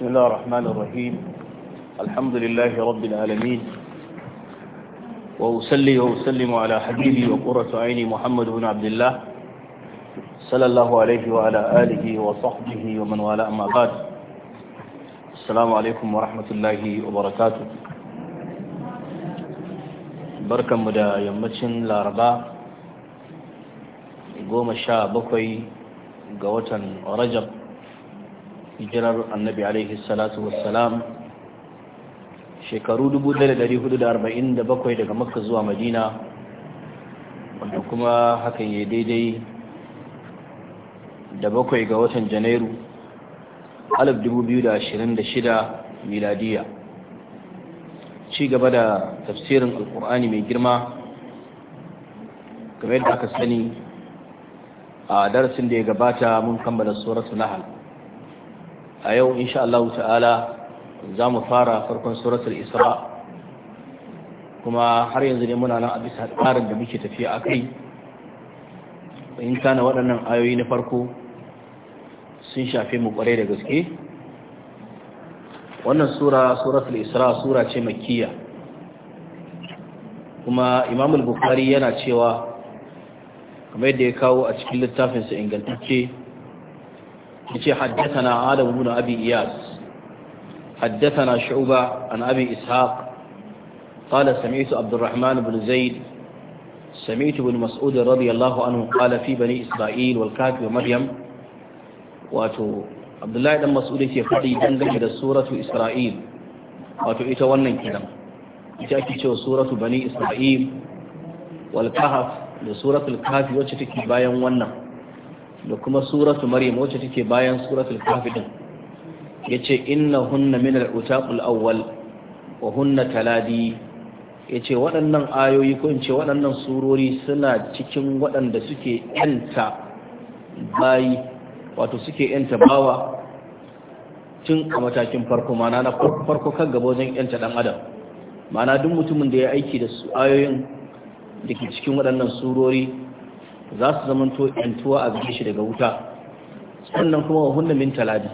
بسم الله الرحمن الرحيم الحمد لله رب العالمين وأسلي وأسلم على حبيبي وقرة عيني محمد بن عبد الله صلى الله عليه وعلى آله وصحبه ومن والاه أما بعد السلام عليكم ورحمة الله وبركاته بركة مدى يمتشن لاربا قوم الشاب بكوي قوة رجب hijirar annabi alaihi salatu wassalam shekaru 1447 daga makka zuwa madina wanda kuma hakan ya daidai da bakwai ga watan janairu 2026 miladiya ci gaba da tafsirin alkur'ani mai girma game da aka sani a darasin da ya gabata mun kammala na nahal a yau insha Allah ta'ala za mu fara farkon suratul isra kuma har yanzu ne muna nan a bisa tsarin da muke tafiya a kai in kana waɗannan ayoyi na farko sun shafe mu kwarai da gaske wannan sura suratul isra sura ce makkiya kuma imamul bukhari yana cewa kamar yadda ya kawo a cikin littafinsa ingantacce yace haddathana Adam ibn Abi Iyas حدثنا شعبة عن أبي إسحاق قال سمعت عبد الرحمن بن زيد سمعت بن مسعود رضي الله عنه قال في بني إسرائيل والكهف ومريم واتو عبد الله بن مسعود يتي فدي دنگane da suratu Isra'il wato ita wannan kiran ita ake cewa suratu bani Isra'il wal kahf da wacce take bayan wannan da kuma suratu maryam wacce take bayan suratul kahfi din yace innahunna min al-utaqul awwal wa hunna taladi yace waɗannan ayoyi ko in ce waɗannan surori suna cikin waɗanda suke yanta bayi wato suke yanta bawa tun a matakin farko mana na farko kan gaba wajen yanta dan adam mana duk mutumin da ya aiki da su ayoyin da ke cikin waɗannan surori za su to yantuwa a bikin shi daga wuta sannan kuma wa hunna min talabi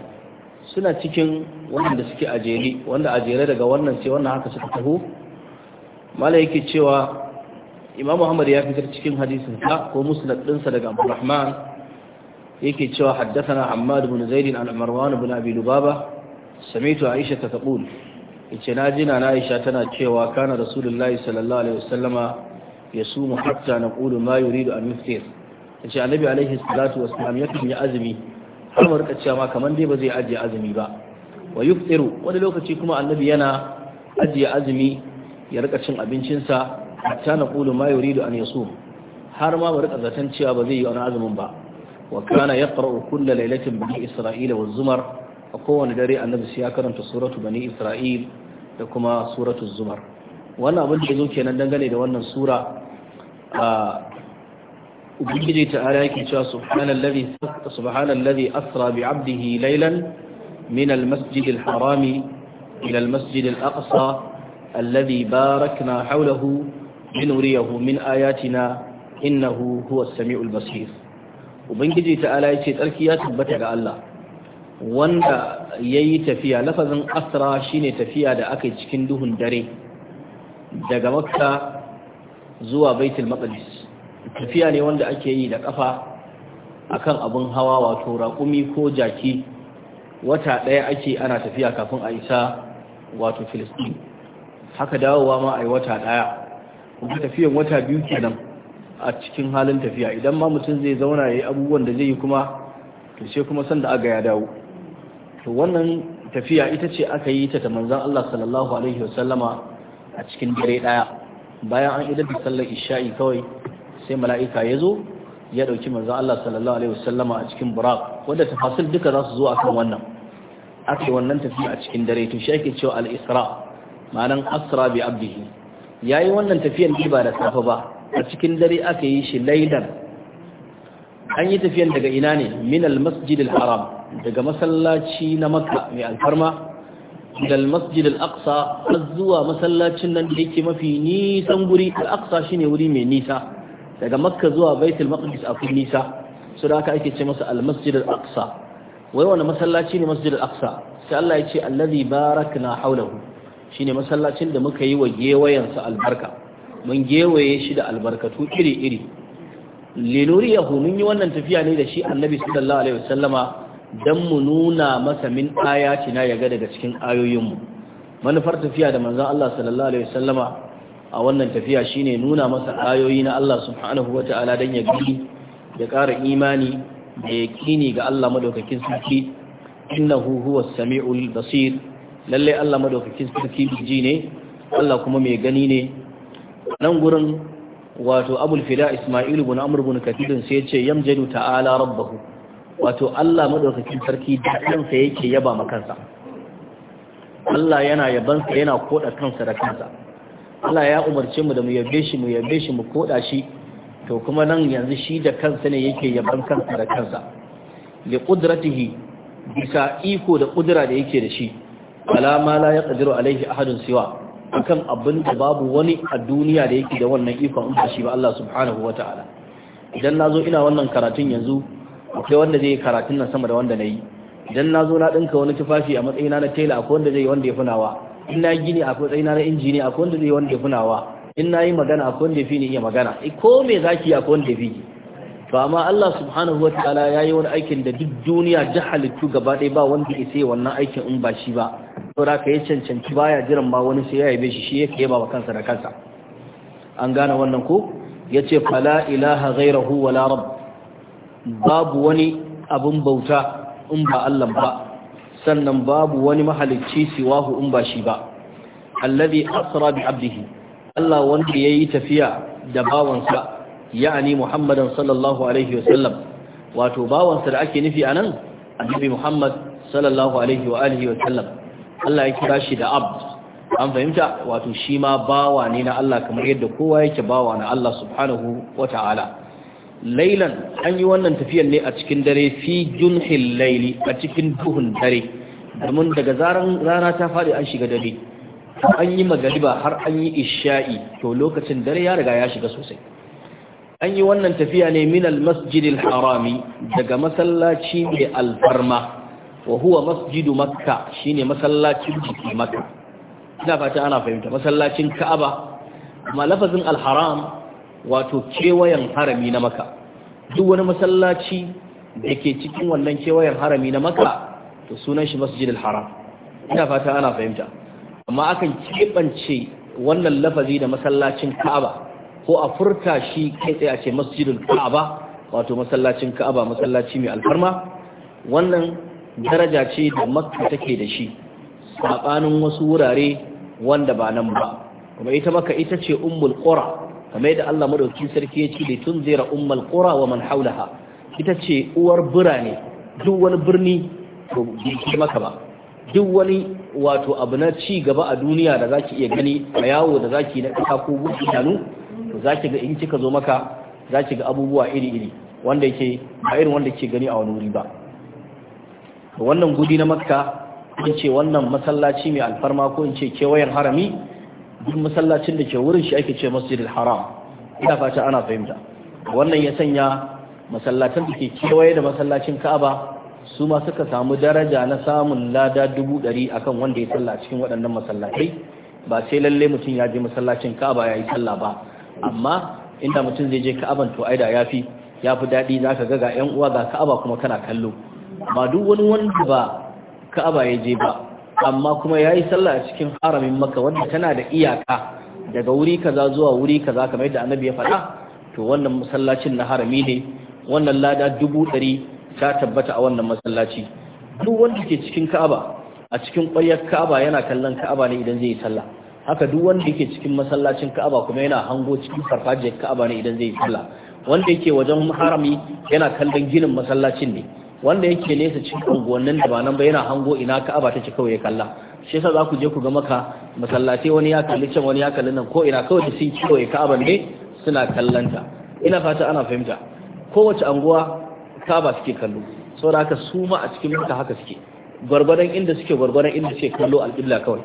suna cikin wanda suke ajere wanda jere daga wannan sai wannan haka suka taho mala yake cewa imam muhammad ya fitar cikin hadisin sa ko musnad dinsa daga rahman yake cewa haddathana hammad ibn zaid an marwan ibn abi lubaba sami'tu aisha ta taqul yace na ji na aisha tana cewa kana rasulullahi sallallahu alaihi wasallama yasumu hatta Kudu ma da an yuftir yace annabi alaihi salatu wassalam yakan yi azumi har mu rika cewa ma kaman dai ba zai ajiye azumi ba wa yuftiru wani lokaci kuma annabi yana ajiye azumi ya rika cin abincinsa hatta Kudu ma da an yasum har ma mu rika zaton cewa ba zai yi wani azumin ba wa kana yaqra'u kulla lailatin bani isra'ila wa zumar a kowane dare annabi sai ya karanta suratu bani isra'il da kuma suratu zumar wannan abin da zo kenan dangane da wannan sura ubangiji ta ala yake cewa subhanallazi subhanallazi asra bi 'abdihi laylan min al harami ila al-masjid aqsa alladhi barakna hawlahu linuriyahu min ayatina innahu huwa as-sami'ul basir ubangiji ta ala yace tsarki ya tabbata ga Allah wanda yayi tafiya lafazin asra shine tafiya da aka yi cikin duhun dare daga makka zuwa baitul maqdis tafiya ne wanda ake yi da kafa akan abun hawa wato raƙumi ko jaki wata ɗaya ake ana tafiya kafin a isa wato filistin haka dawowa ma a yi wata ɗaya kuma tafiyan wata biyu kenan a cikin halin tafiya idan ma mutum zai zauna yayi abubuwan da zai yi kuma to sai kuma sanda aga ya dawo to wannan tafiya ita ce aka yi ta ta manzon Allah sallallahu alaihi wasallama a cikin dare ɗaya bayan an idar da sallar isha'i kawai sai mala'ika ya zo ya dauki manzo Allah sallallahu alaihi wasallama a cikin buraq wanda tafasil duka za su zo akan wannan ake wannan tafiya a cikin dare to shi ake cewa al-isra ma'anan asra bi abdihi yayi wannan tafiyan ne ba da safa ba a cikin dare aka yi shi laidan an yi tafiyan daga ina ne min al-masjid al-haram daga masallaci na makka mai alfarma ilal masjid al-aqsa zuwa masallacin nan da yake mafi nisan guri al-aqsa shine wuri mai nisa daga makka zuwa baitul maqdis akwai nisa su da aka ake ce masa al-masjid al-aqsa wai wani masallaci ne masjid al-aqsa sai Allah ya ce allazi barakna hawlahu shine masallacin da muka yi wa gewayensa albarka mun gewaye shi da albarkatu iri iri linuriyahu mun yi wannan tafiya ne da shi annabi sallallahu alaihi wasallama don mu nuna masa min ayatina ya yaga daga cikin ayoyinmu manufar tafiya da manzon Allah sallallahu alaihi wasallama a wannan tafiya shine nuna masa ayoyi na Allah subhanahu wata'ala don ya gani ya ƙara imani da yakini ga Allah madaukakin sarki innahu huwa samiul basir lalle Allah madaukakin sarki biji ne Allah kuma mai gani ne nan gurin wato abul fida ismailu bin amr bin katidin sai ya ce yamjadu ta'ala rabbahu wato Allah madaukakin sarki da kansa yake yaba ma kansa Allah yana yabansa yana koda kansa da kansa Allah ya umarce mu da mu yabe shi mu yabe shi mu koda shi to kuma nan yanzu shi da kansa ne yake yaban kansa da kansa li qudratihi bisa iko da kudura da yake da shi wala ma la yaqdiru alayhi ahadun siwa akan abin da babu wani a duniya da yake da wannan ikon in ba shi ba Allah subhanahu wataala idan nazo ina wannan karatun yanzu akwai wanda zai yi karatun nan sama da wanda na yi idan na zo na ɗinka wani tufafi a matsayina na tela akwai wanda zai yi wanda ya funawa in na gini akwai matsayina na injini akwai wanda zai yi wanda ya funawa in na yi magana akwai wanda ya fi ni iya magana eh, ko me za ki yi akwai wanda ya fi to amma Allah subhanahu wa ta'ala ya yi wani aikin da duk duniya ta halittu gaba ɗaya ba wanda ya sai wannan aikin in ba shi ba da ka yi cancanci ba ya jiran ma wani sai ya yabe shi shi ya yaba ba kansa da kansa an gane wannan ko yace fala ilaha ghayrahu wala rabb babu wani abin bauta in ba Allah ba sannan babu wani mahalicci siwahu in ba shi ba alladhi asra bi abdihi Allah wanda yayi tafiya da bawansa ya'ani Muhammadan sallallahu alaihi wasallam wato bawansa da ake nufi anan annabi Muhammad sallallahu alaihi wa alihi wasallam Allah ya kira shi da abd an fahimta wato shi ma bawa ne na Allah kamar yadda kowa yake bawa na Allah subhanahu wata'ala lailan an yi wannan tafiyan ne a cikin dare fi junhil laili a cikin duhun dare domin daga zaran rana ta faɗi an shiga dare an yi magariba har an yi isha'i to lokacin dare ya riga ya shiga sosai an yi wannan tafiya ne min al harami daga masallaci mai alfarma wa huwa masjidu makka shine masallacin jiki makka ina fata ana fahimta masallacin ka'aba amma lafazin al haram wato kewayen harami na maka duk wani masallaci da ke cikin wannan kewayen harami na maka to sunan shi masjid al-haram ina fata ana fahimta amma akan keɓance wannan lafazi da masallacin ka'aba ko a furta shi kai tsaye a ce masjidul ka'aba wato masallacin ka'aba masallaci mai alfarma wannan daraja ce da makka take da shi saɓanin wasu wurare wanda ba nan ba kuma ita maka ita ce ummul qura kamar yadda Allah madauki sarki ya ce da tun zira ummal qura wa man haulaha ita ce uwar birane duk wani birni to bai maka ba duk wani wato abu na ci gaba a duniya da zaki iya gani a yawo da zaki na kasa ko gudu idanu to zaki ga in kika zo maka zaki ga abubuwa iri iri wanda yake ba irin wanda ke gani a wani wuri ba wannan gudi na makka Kun ce wannan masallaci mai alfarma ko in ce kewayen harami duk masallacin da ke wurin shi ake ce masjidil haram ina fata ana fahimta wannan ya sanya masallacin da ke kewaye da masallacin ka'aba su ma suka samu daraja na samun lada dubu ɗari akan wanda ya salla cikin waɗannan masallatai ba sai lalle mutum ya je masallacin ka'aba ya yi salla ba amma inda mutum zai je ka'aban to aida ya fi ya fi daɗi za ka ga ga 'yan uwa ga ka'aba kuma kana kallo amma duk wani wanda ba ka'aba ya je ba amma kuma ya yi sallah a cikin haramin maka wanda tana da iyaka daga wuri kaza zuwa wuri kaza kamar yadda annabi ya faɗa to wannan masallacin na harami ne wannan lada dubu ɗari ta tabbata a wannan masallaci duk wanda ke cikin ka'aba a cikin ƙwayar ka'aba yana kallon ka'aba ne idan zai yi sallah haka duk wanda yake cikin masallacin ka'aba kuma yana hango cikin farfajiyar ka'aba ne idan zai yi sallah wanda yake wajen harami yana kallon ginin masallacin ne wanda yake nesa cikin unguwannin da ba nan ba yana hango ina ka'aba ta ci kawai ya kalla shi yasa za ku je ku ga maka masallatai wani ya kalli can wani ya kalli nan ko ina kawai da sun kawai ka'aban ne suna kallanta ina fata ana fahimta kowace anguwa ka'aba suke kallo saboda haka su ma a cikin maka haka suke gwargwadon inda suke gwargwadon inda suke kallo al'illa kawai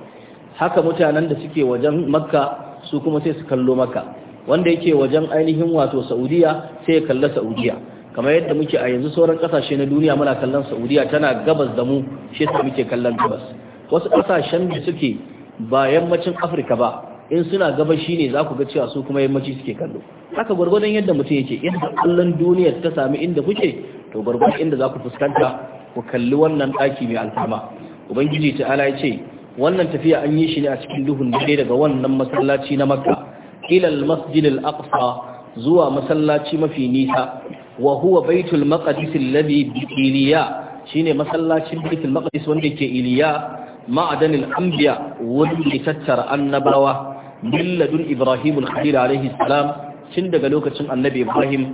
haka mutanen da suke wajen makka su kuma sai su kallo makka wanda yake wajen ainihin wato saudiya sai ya kalla saudiya kamar yadda muke a yanzu sauran kasashe na duniya muna kallon saudiya tana gabas da mu shi yasa muke kallon gabas wasu kasashen da suke ba yammacin afirka ba in suna shi ne za ku ga cewa su kuma yammaci suke kallo haka gwargwadon yadda mutum yake yadda kallon duniyar ta sami inda kuke to gwargwadon inda za ku fuskanta ku kalli wannan ɗaki mai alfama ubangiji ta ala ya ce wannan tafiya an yi shi ne a cikin duhun dare daga wannan masallaci na makka ilal masjid al aqsa zuwa masallaci mafi nisa wa huwa baitul maqdis alladhi bi iliya shine masallacin baitul maqdis wanda ke iliya ma'adanil anbiya wanda ke tattara annabawa milladun ibrahim al-khalil alayhi salam tun daga lokacin annabi ibrahim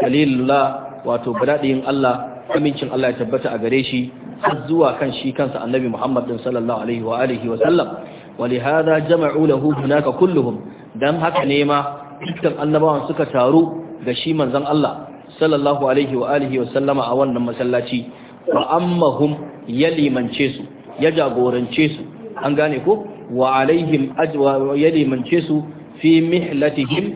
khalilullah wato badadin Allah amincin Allah ya tabbata a gare shi har zuwa kan shi kansa annabi Muhammad din sallallahu alaihi wa alihi wa sallam ولهذا جمعوا له هناك كلهم dan haka ne ma dukkan annabawan suka taru da shi manzon Allah sallallahu alaihi wa alihi wa sallama a wannan masallaci fa ammahum ya limance su ya jagorance su an gane ko wa alaihim ajwa yalimance su fi mihlatihim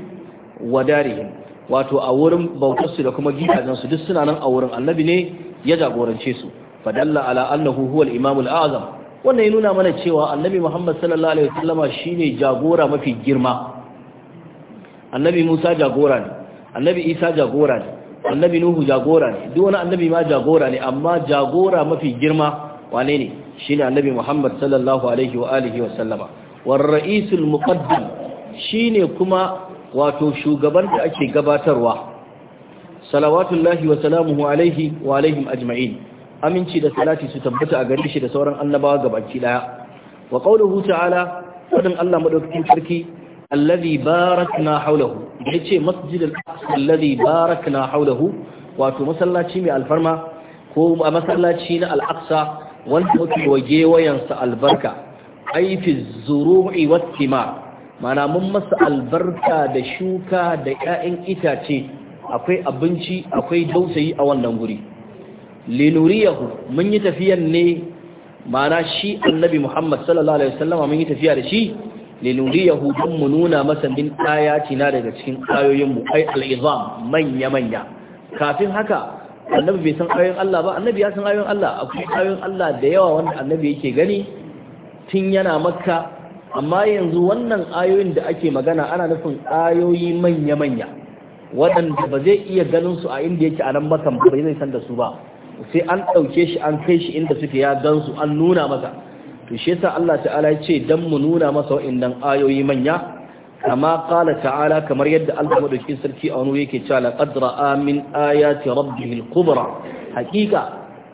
wa darihim wato a wurin bautar su da kuma gidajen su duk suna nan a wurin annabi ne ya jagorance su fadalla ala annahu huwa al-imam al-azam wannan ya nuna mana cewa annabi Muhammad sallallahu alaihi wa wasallama shine jagora mafi girma annabi Musa jagora ne annabi Isa jagora ne annabi nuhu jagora ne duk wani annabi ma jagora ne amma jagora mafi girma wane ne shine annabi muhammad sallallahu alaihi wa alihi wa sallama war ra'isul muqaddam shine kuma wato shugaban da ake gabatarwa salawatullahi wa salamuhu alaihi wa alaihim ajma'in aminci da salati su tabbata a gare shi da sauran annabawa gabaki daya wa qauluhu ta'ala fadin Allah madaukakin sarki alladhi barakna hawlahu yace masjid al-aqsa alladhi barakna hawlahu wato masallaci mai alfarma ko masallaci na al-aqsa wanda muke wage albarka ai fi zuru'i wat-thimar mana mun masa albarka da shuka da ƴaƴan itace akwai abinci akwai dausayi a wannan guri linuriyahu mun yi tafiyan ne mana shi annabi Muhammad sallallahu alaihi wasallama mun yi tafiya da shi linuriyahu don mu nuna masa min cina daga cikin ayoyinmu ai al'izam manya-manya kafin haka annabi bai san ayoyin Allah ba annabi ya san ayoyin Allah akwai ayoyin Allah da yawa wanda annabi yake gani tun yana makka amma yanzu wannan ayoyin da ake magana ana nufin ayoyi manya-manya waɗanda ba zai iya ganin su a inda yake a nan makan ba zai san da su ba sai an ɗauke shi an kai shi inda suke ya gan su an nuna masa to shi yasa Allah ta'ala ya ce dan mu nuna masa wa'annan ayoyi manya kama qala ta'ala kamar yadda Allah madaukakin sarki a wani yake cewa laqad ra'a min ayati rabbihil kubra hakika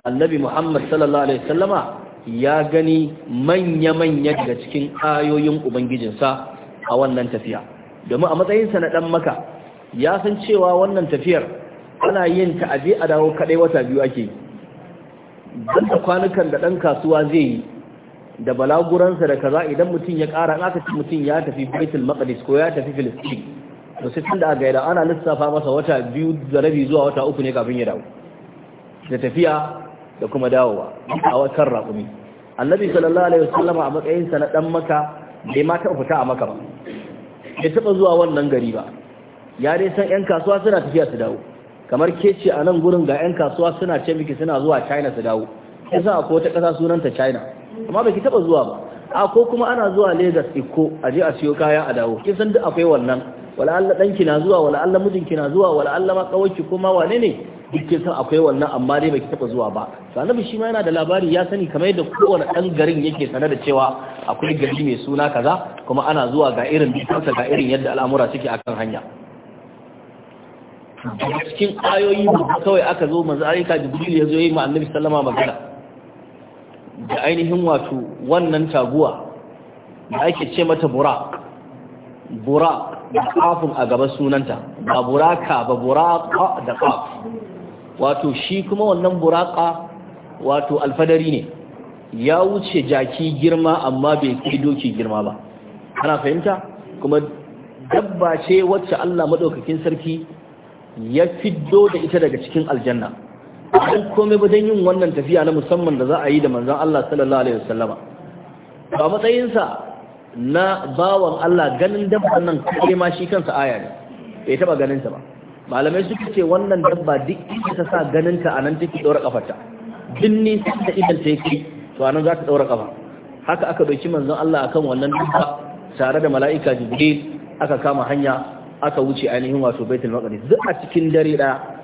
annabi Muhammad sallallahu alaihi wasallama ya gani manya-manya daga cikin ayoyin ubangijinsa a wannan tafiya domin a matsayinsa na dan maka ya san cewa wannan tafiyar ana yin ta aje a dawo kadai wata biyu ake yi don kwanukan da dan kasuwa zai yi da balaguransa da kaza idan mutum ya ƙara aka ce mutum ya tafi baitul maqdis ko ya tafi filistin to sai tun da aka gaida ana lissafa masa wata biyu da rabi zuwa wata uku ne kafin ya dawo da tafiya da kuma dawowa a watan raƙumi annabi sallallahu alaihi wasallama a matsayinsa na dan maka bai ma taɓa fita a maka ba bai taɓa zuwa wannan gari ba ya dai san yan kasuwa suna tafiya su dawo kamar ke ce a nan gurin ga yan kasuwa suna ce miki suna zuwa china su dawo yasa akwai wata ƙasa sunanta china amma baki taba zuwa ba a ko kuma ana zuwa Lagos iko a je a siyo kaya a dawo kin san duk akwai wannan wala Allah danki na zuwa wala Allah mijinki na zuwa wala Allah ma kawarki kuma wane ne duk kin san akwai wannan amma dai baki taba zuwa ba to annabi shi ma yana da labari ya sani kamar yadda kowane dan garin yake sanar da cewa akwai gari mai suna kaza kuma ana zuwa ga irin dukansa ga irin yadda al'amura suke akan hanya cikin ayoyi kawai aka zo manzo ayyuka jibril ya zo yi ma annabi sallama magana da ainihin wato wannan taguwa da ake ce mata burak burak da kafin a gaba sunanta ba buraka ba buraka da kaf wato shi kuma wannan buraka wato alfadari ne ya wuce jaki girma amma bai kai doki girma ba ana fahimta kuma dabba ce wacce Allah madaukakin sarki ya fiddo da ita daga cikin aljanna an komai ba don yin wannan tafiya na musamman da za a yi da manzan Allah sallallahu alaihi wasallama ba matsayinsa na bawan Allah ganin dabba nan kai ma shi kansa aya ne bai taba ganin ba malamai su ce wannan dabba duk inda ta sa ganin a nan take daura ƙafarta duk ne da idan ta yake to anan za ta daura ƙafa. haka aka ɗauki manzan Allah akan wannan dabba tare da mala'ika jibril aka kama hanya aka wuce ainihin wato baitul maqdis duk a cikin dare daya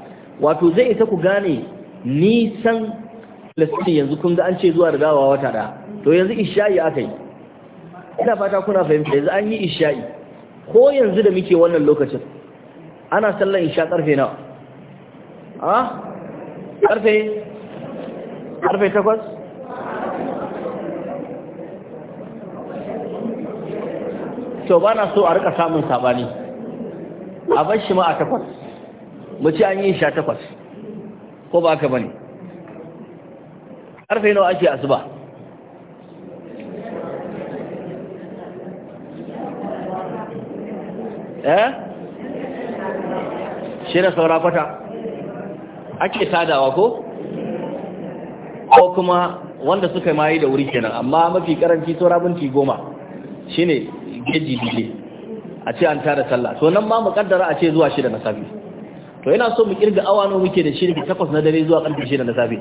wato zai isa ku gane nisan lasiri yanzu kun ga an ce zuwa rigawa wata da to yanzu isha'i aka yi ina fata kuna fahimta yanzu an yi isha'i ko yanzu da muke wannan lokacin ana sallan isha karfe nawa a karfe karfe takwas to ba na so a rika samun sabani a bashi ma a takwas mu ci an yi sha takwas ko ba ka bane karfe nawa ake asuba eh shirya saura kwata ake tadawa ko ko kuma wanda suka mayi da wuri kenan amma mafi karanci saura binti goma shine geji dile a ce an tara sallah to nan ma mu kaddara a ce zuwa shida na safi to yana so mu kirga awa nawa muke da shi ne takwas na dare zuwa karfe shi na safe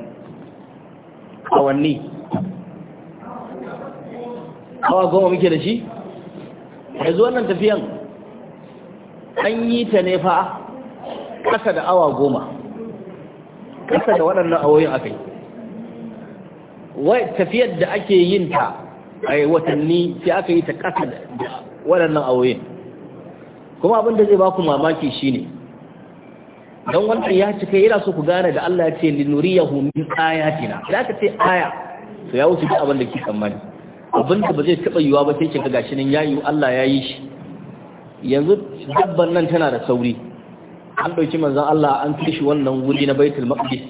awanni awa goma muke da shi yanzu wannan tafiyan an yi ta ne fa ƙasa da awa goma ƙasa da waɗannan awoyin aka yi tafiyar da ake yin ta a watanni sai aka yi ta ƙasa da waɗannan awoyin kuma abin da zai ba ku mamaki shine ne don wannan ya cika yana so ku gane da Allah ya ce nuriyahu min ayatina idan ka ce aya to ya wuce abin da ke tsammani abin da ba zai taba yiwa ba sai kika gashi nan yayi Allah ya yi shi yanzu dabban nan tana da sauri an dauki manzon Allah an kai shi wannan wuri na Baitul Maqdis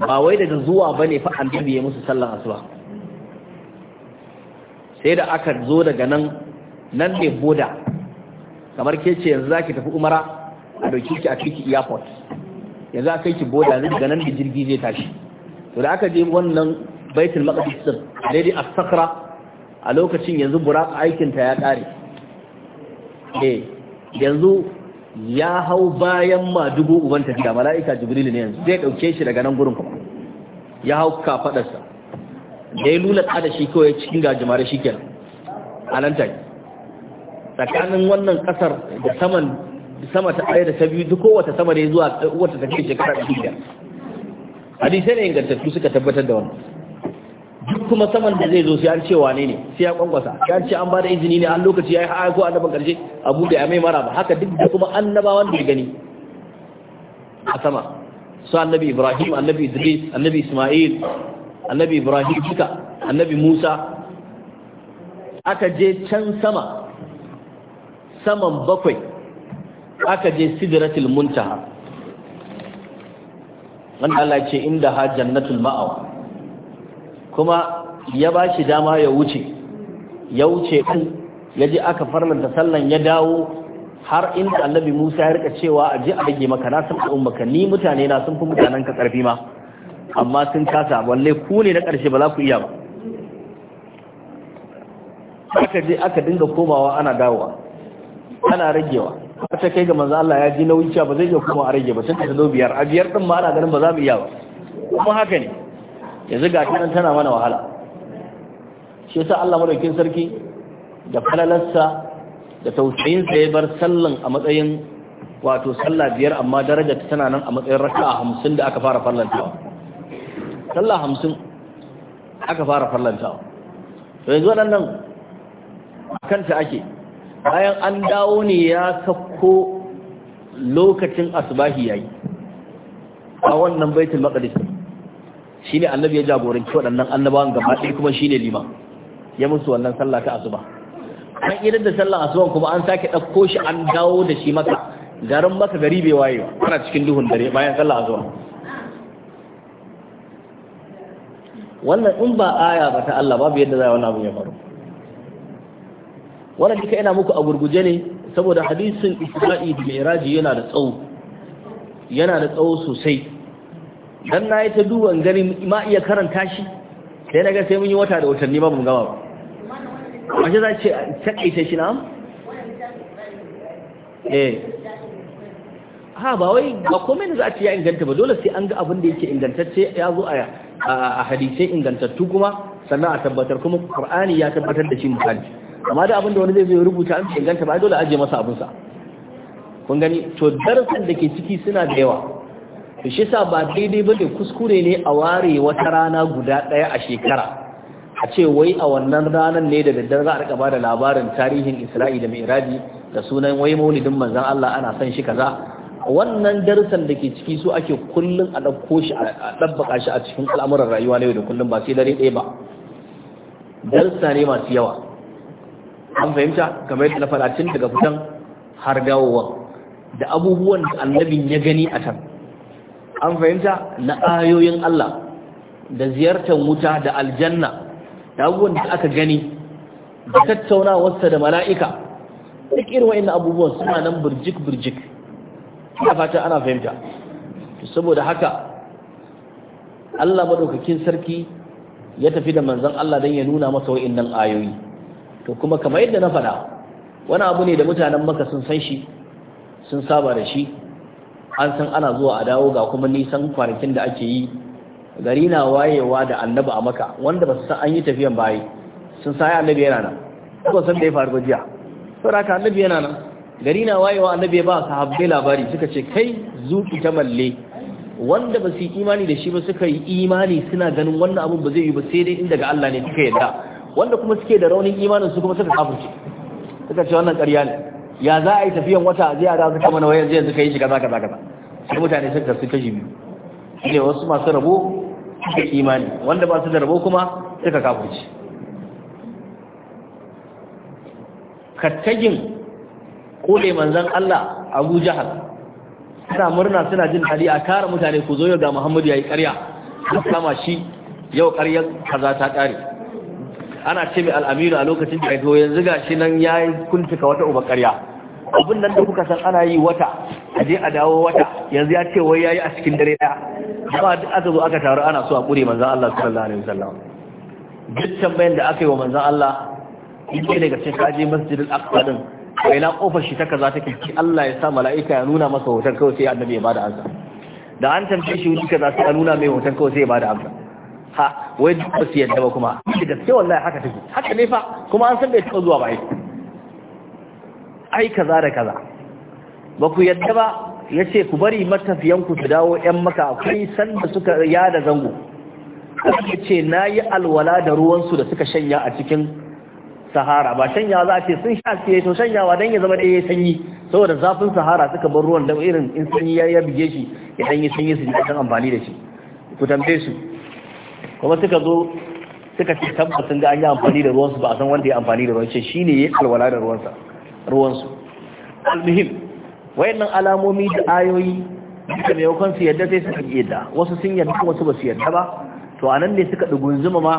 ba wai daga zuwa bane fa annabi ya musu sallar asuba sai da aka zo daga nan nan ne boda kamar ke ce yanzu zaki tafi umara a dauki ki a cikin ki airport yanzu a kai ki boda ne daga nan da jirgi zai tashi to da aka je wannan baitul maqdis din daidai a sakra a lokacin yanzu buraq aikin ta ya kare eh yanzu ya hau bayan ma dubu uban tafiya mala'ika jibril ne yanzu zai dauke shi daga nan gurin kuma ya hau ka kafadarsa da ya lula da shi kawai cikin gajimare shi kenan a nan tsakanin wannan kasar da saman sama ta ɗaya da ta biyu duk kowace sama da ya zuwa wata ta kai shekara ɗari biyar hadisai ne ingantattu suka tabbatar da wani. duk kuma saman da zai zo sai an ce ne ne sai ya kwankwasa ya ce an ba da izini ne an lokaci ya yi haya ko annaban karshe abu da ya mai mara ba haka duk da kuma annabawan da ya gani a sama su annabi ibrahim annabi idris annabi isma'il annabi ibrahim duka annabi musa aka je can sama saman bakwai aka je sidratul muntaha wanda Allah ce inda ha jannatul ma'aw kuma ya ba shi dama ya wuce ya wuce kan ya aka farlanta sallan ya dawo har inda annabi Musa ya rika cewa a je a rage maka na san maka ni mutane na sun fi mutanen ka karfi ma amma sun kasa walle ku ne na karshe ba za ku iya ba aka je aka dinga komawa ana dawowa ana ragewa har ta kai ga manzo Allah ya ji nauyi cewa ba zai iya kuma a rage ba tun ta zo biyar a biyar din ma ana ganin ba za mu iya ba kuma haka ne yanzu ga nan tana mana wahala shi yasa Allah madaukin sarki da falalarsa da tausayinsa ya bar sallan a matsayin wato sallah biyar amma daraja ta tana nan a matsayin raka'a hamsin da aka fara fallantawa sallah hamsin aka fara fallantawa to yanzu waɗannan a kanta ake bayan an dawo ne ya sako lokacin ya yayi a wannan baitul maqdis shine annabi ya jagoranci waɗannan annabawan gaba ɗaya kuma shine liman ya musu wannan sallah ta asuba an idar da sallah asuban kuma an sake ɗauko shi an dawo da shi maka garin maka gari bai waye ana cikin duhun dare bayan sallah asuba wannan in ba aya ba ta Allah babu yadda za a wannan abu ya faru wannan duka yana muku a gurguje ne saboda hadisin isra'i da mi'raji yana da tsawo yana da tsawo sosai dan nayi ta duwan gani ma iya karanta shi sai na ga sai mun yi wata da watanni ba mu gama ba ashe za ce takaita shi na eh ha ba wai ba komai da za ce ya inganta ba dole sai an ga abin da yake ingantacce ya zo a hadisai ingantattu kuma sannan a tabbatar kuma qur'ani ya tabbatar da shi misali amma da abin wani zai zai rubuta an inganta ba dole aje masa abinsa kun gani to darsan da ke ciki suna da yawa da shi sa ba daidai ba da kuskure ne a ware wata rana guda ɗaya a shekara a ce wai a wannan ranar ne da daddar za a rika ba da labarin tarihin isra'i da iradi da sunan wai maulidin manzan Allah ana son shi kaza wannan darasin da ke ciki su ake kullum a ɗauko shi a ɗabbaka shi a cikin al'amuran rayuwa na yau da kullum ba sai dare ɗaya ba darsa ne masu yawa an fahimta game da na daga fitan har dawowa da abubuwan da annabin ya gani a can an fahimta na ayoyin Allah da ziyartar wuta da aljanna da abubuwan da aka gani da tattaunawarsa da mala'ika duk irin wa'in abubuwan suna nan birjik-birjik ina fata ana fahimta saboda haka Allah maɗaukakin sarki ya tafi da manzan Allah don ya nuna masa wa'in nan ayoyi to kuma kamar yadda na faɗa wani abu ne da mutanen maka sun san shi sun saba da shi an san ana zuwa a dawo ga kuma nisan kwanakin da ake yi gari na wayewa da annabi a maka wanda ba su san an yi tafiyan bayi sun sa annabi yana nan ba san da ya faru jiya saboda ka annabi yana nan gari na wayewa annabi ba habbe labari suka ce kai zuki ta malle wanda ba su yi imani da shi ba suka yi imani suna ganin wannan abun ba zai yi ba sai dai inda daga Allah ne suka yadda wanda kuma suke da raunin imanin su kuma suka kafirce suka ce wannan ƙarya ne ya za a yi tafiyan wata a ziyara kama mana wayar zai suka yi shiga zaka zaka ba sai mutane suka su kashi biyu ne wasu masu rabo suka imani wanda ba su da rabo kuma suka kafirce kattagin kole manzan Allah Abu Jahal suna murna suna jin hali a kara mutane ku zo yau ga Muhammadu yayi ƙarya kama shi yau ƙaryar kaza ta ƙare ana ce mai al'aminu a lokacin da to yanzu gashi nan ya yi kuntuka wata uba ƙarya abin nan da kuka san ana yi wata a je a dawo wata yanzu ya ce wai ya yi a cikin dare daya amma duk aka zo aka taru ana so a kure manzan Allah Allah alaihi wasallam duk bayan da aka yi wa manzan Allah in ce daga cikin kaje masjidil aqsa din kai na kofar shi ta kaza take ki Allah ya sa mala'ika ya nuna masa hoton kawai sai annabi ya bada amsa. da an tambaye shi wuce kaza sai a nuna mai hoton kawai sai ya bada amsa. ha wai duk ba su yadda ba kuma da gaske wallahi haka take haka ne fa kuma an san bai taɓa zuwa ba ai kaza da kaza ba ku yadda ba yace ku bari ku su dawo 'yan maka akwai sanda suka yada zango ya ce na yi alwala da ruwansu da suka shanya a cikin sahara ba shanya za a ce sun sha su to shanyawa don ya zama da ya sanyi saboda zafin sahara suka bar ruwan da irin in sanyi ya ya bige shi ya dan yi sanyi su ji amfani da shi ku tambaye su kuma suka zo suka ce tabbas sun an yi amfani da ruwansu ba a san wanda ya amfani da ruwan shi ne ya alwala da ruwansa ruwansu almuhim wayannan alamomi da ayoyi duka maimakon su yadda sai suka yadda wasu sun yadda wasu ba su yadda ba to anan ne suka zuma ma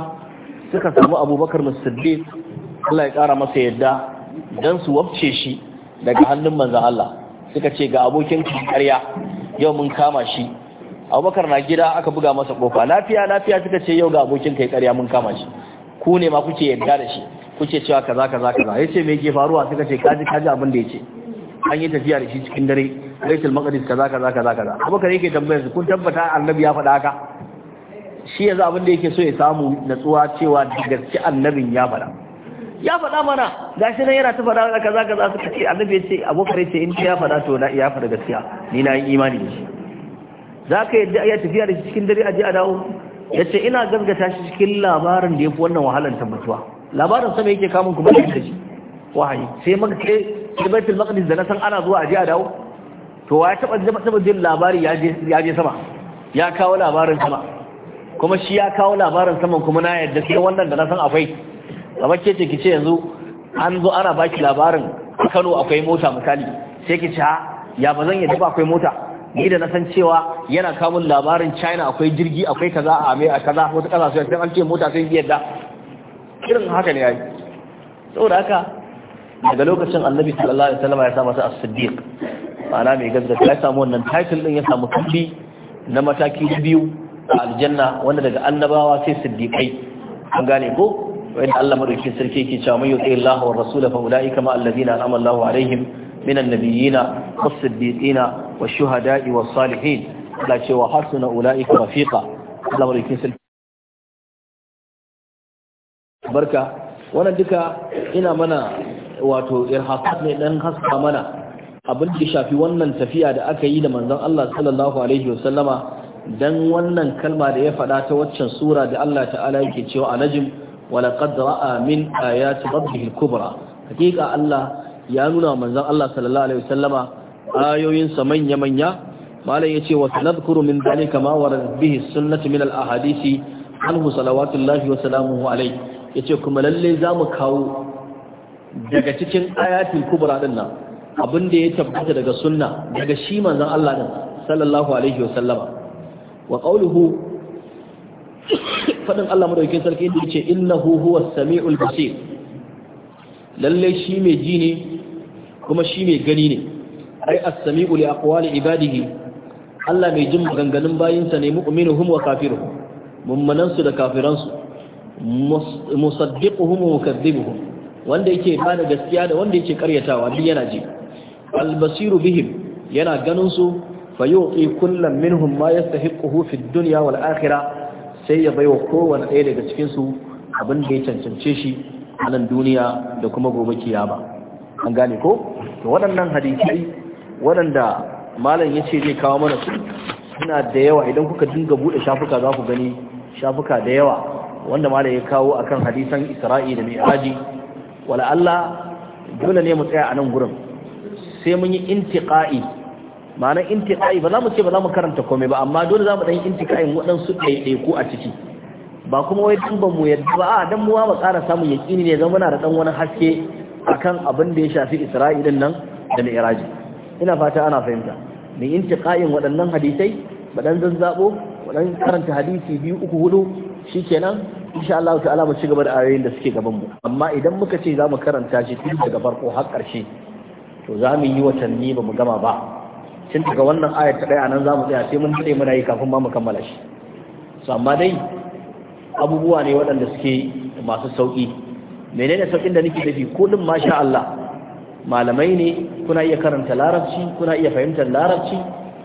suka samu abubakar musaddiq Allah ya kara masa yadda dan su wabce shi daga hannun manzon Allah suka ce ga abokin karya yau mun kama shi abubakar na gida aka buga masa kofa lafiya lafiya suka ce yau ga abokin kai ƙarya mun kama shi ku ne ma kuke yarda da shi kuke cewa kaza kaza kaza Ya ce me yake faruwa suka ce kaji kaji abin da yace an yi tafiya da shi cikin dare Baitul Maqdis kaza kaza kaza kaza abubakar yake tambayar su kun tabbata annabi ya faɗa haka shi yanzu abin da yake so ya samu natsuwa cewa da gaske annabin ya faɗa ya faɗa mana gashi nan yana ta faɗa kaza kaza suka ce annabi ya ce abubakar ya ce in ya faɗa to na ya faɗa gaskiya ni na yi imani da shi za ka yadda ya tafiya da cikin dare a je a dawo ya ce ina gaskata shi cikin labarin da ya fi wannan wahalar tabbatuwa labarin sama yake kamun kuma da shi wahayi sai maka ce da baitul maqdis da na san ana zuwa a je a dawo to ya taba taba jin labari ya je sama ya kawo labarin sama kuma shi ya kawo labarin sama kuma na yadda sai wannan da na san akwai Zama ke ce ki ce yanzu an zo ana baki labarin Kano akwai mota misali sai ki ce ya ba zan yadda ba akwai mota ni da na san cewa yana kamun labarin china akwai jirgi akwai kaza a a kaza wata kaza yi an ce mota sun biyar da. irin haka ne yayi saboda haka daga lokacin annabi sallallahu alaihi wasallam ya sa masa as-siddiq ana mai gaggata ya samu wannan title din ya samu kulli na mataki biyu a aljanna wanda daga annabawa sai siddiqai an gane ko wanda Allah madaukakin sarki yake cewa mai yuti Allah wa rasulahu fa ulaika ma alladhina an'ama Allahu alaihim minan nabiyina was-siddiqina wa shuhada'i wa salihin Allah wa hasuna ula'ika rafiqa Allah barka wannan duka ina mana wato irhasat ne dan haska mana abin da shafi wannan tafiya da aka yi da manzon Allah sallallahu alaihi wasallama dan wannan kalma da ya faɗa ta waccan sura da Allah ta'ala yake cewa a najm wa laqad ra'a min ayati rabbih kubra hakika Allah ya nuna manzon Allah sallallahu alaihi wasallama ayoyinsa manya-manya malam ya ce wa nadhkuru min dhalika ma warad bihi sunnati min al-ahadisi anhu salawatullahi wa salamuhu alayhi yace kuma lalle zamu kawo daga cikin ayatul kubra din nan abin da ya tabbata daga sunna daga shi manzon Allah din sallallahu alaihi wa sallama wa qawluhu fadin Allah madaukakin sarki inda yace innahu huwas samiul basir lalle shi mai ji ne kuma shi mai gani ne ai as-sami'u li aqwali ibadihi Allah mai jin maganganun bayinsa ne mu'minuhum wa kafiruhum su da kafiransu musaddiquhum wa mukadzibuhum wanda yake ba da gaskiya da wanda yake karyatawa duk yana ji al-basiru bihim yana ganin su fayuqi kullam minhum ma yastahiquhu fi ad-dunya wal akhirah sai ya baiwa kowanne ɗaya daga cikin su abin da ya cancance shi a nan duniya da kuma gobe kiyama an gane ko to waɗannan hadisi waɗanda malam ya ce zai kawo mana su suna da yawa idan kuka dinga buɗe shafuka za ku gani shafuka da yawa wanda malam ya kawo akan hadisan isra'i da mi'aji wala dole ne mu tsaya a nan gurin sai mun yi intiqa'i ma'ana intiqa'i ba za mu ce ba za mu karanta komai ba amma dole za mu dan intika'i waɗansu ɗaiɗaiku a ciki ba kuma wai dan ba mu yadda ba a dan mu ma ƙara samun yaƙini ne zama muna da ɗan wani haske akan abin da ya shafi Isra'ilin nan da Mi'raji ina fata ana fahimta mai intiqa'in waɗannan hadisai Waɗannan zazzabo waɗannan karanta hadisi biyu uku hudu shi insha Allah ta'ala mu ci gaba da ayoyin da suke gaban mu amma idan muka ce zamu karanta shi tun daga farko har ƙarshe to za mu yi watanni ba mu gama ba tun daga wannan ayar ta ɗaya nan za mu tsaya sai mun daɗe muna yi kafin ma mu kammala shi to amma dai abubuwa ne waɗanda suke masu sauƙi menene sauƙin da nake dafi ko din masha Allah malamai ne kuna iya karanta larabci kuna iya fahimtar larabci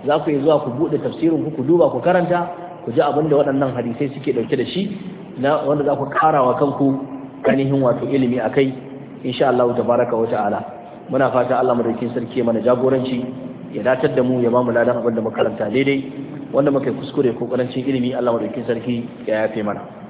za ku yi zuwa ku buɗe tafsirin ku ku duba ku karanta ku ji abin da waɗannan hadisai suke ɗauke da shi na wanda za ku ƙara wa kanku ainihin wato ilimi a kai insha Allah baraka wa ta'ala muna fata Allah madaukin sarki mana jagoranci ya datar da mu ya bamu ladan abin da muka karanta daidai wanda muka kuskure ko karancin ilimi Allah madaukin sarki ya yafe mana